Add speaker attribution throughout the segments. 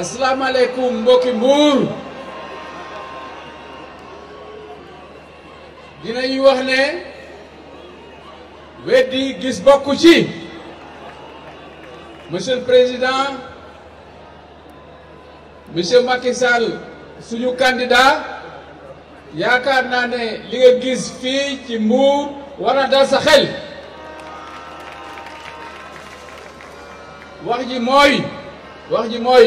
Speaker 1: asalaamaaleykum mbokki mbuur dinañu wax ne weddi gis bokku ci monsieur président mosier Macky Sall suñu candidat yaakaar naa ne li nga gis fii ci mbuur war dal sa xel wax ji mooy wax ji mooy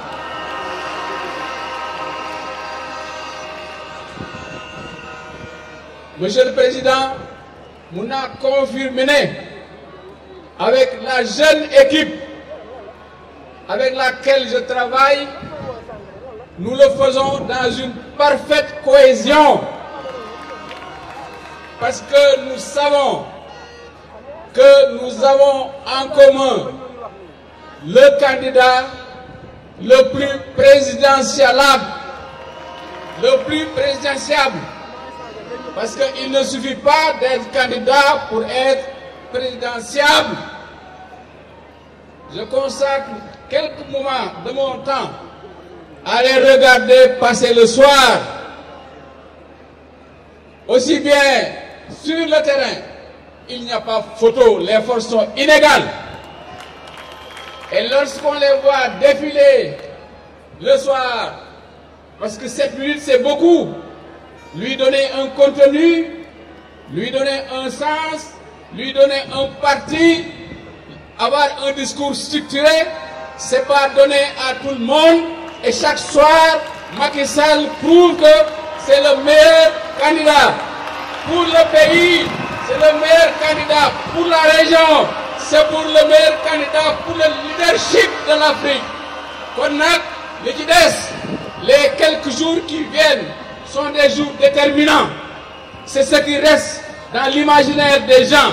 Speaker 1: monsieur le président nous avons confirmé, avec la jeune équipe avec laquelle je travaille nous le faisons dans une parfaite cohésion parce que nous savons que nous avons en commun le candidat le plus présidentialable, le plus présidentiable parce qu'il ne suffit pas d'être candidat pour être présidentiable. Je consacre quelques moments de mon temps à les regarder passer le soir, aussi bien sur le terrain, il n'y a pas photo, les forces sont inégales. Et lorsqu'on les voit défiler le soir, parce que cette minutes c'est beaucoup, lui donner un contenu, lui donner un sens, lui donner un parti, avoir un discours structuré, c'est pas donné à tout le monde. Et chaque soir, Macky Sall prouve que c'est le meilleur candidat pour le pays, c'est le meilleur candidat pour la région, c'est pour le meilleur candidat pour le leadership de l'Afrique. les les quelques jours qui viennent, sont des jours déterminants. C'est ce qui reste dans l'imaginaire des gens.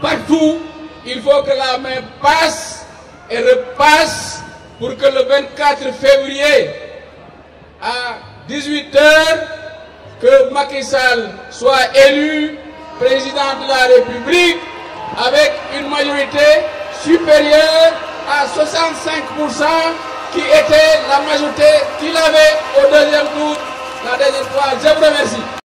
Speaker 1: Partout, il faut que la main passe et repasse pour que le 24 février, à 18h, que Macky Sall soit élu président de la République avec une majorité supérieure à 65% qui était la majorité qu'il avait au deuxième tour la dernière fois, je vous remercie.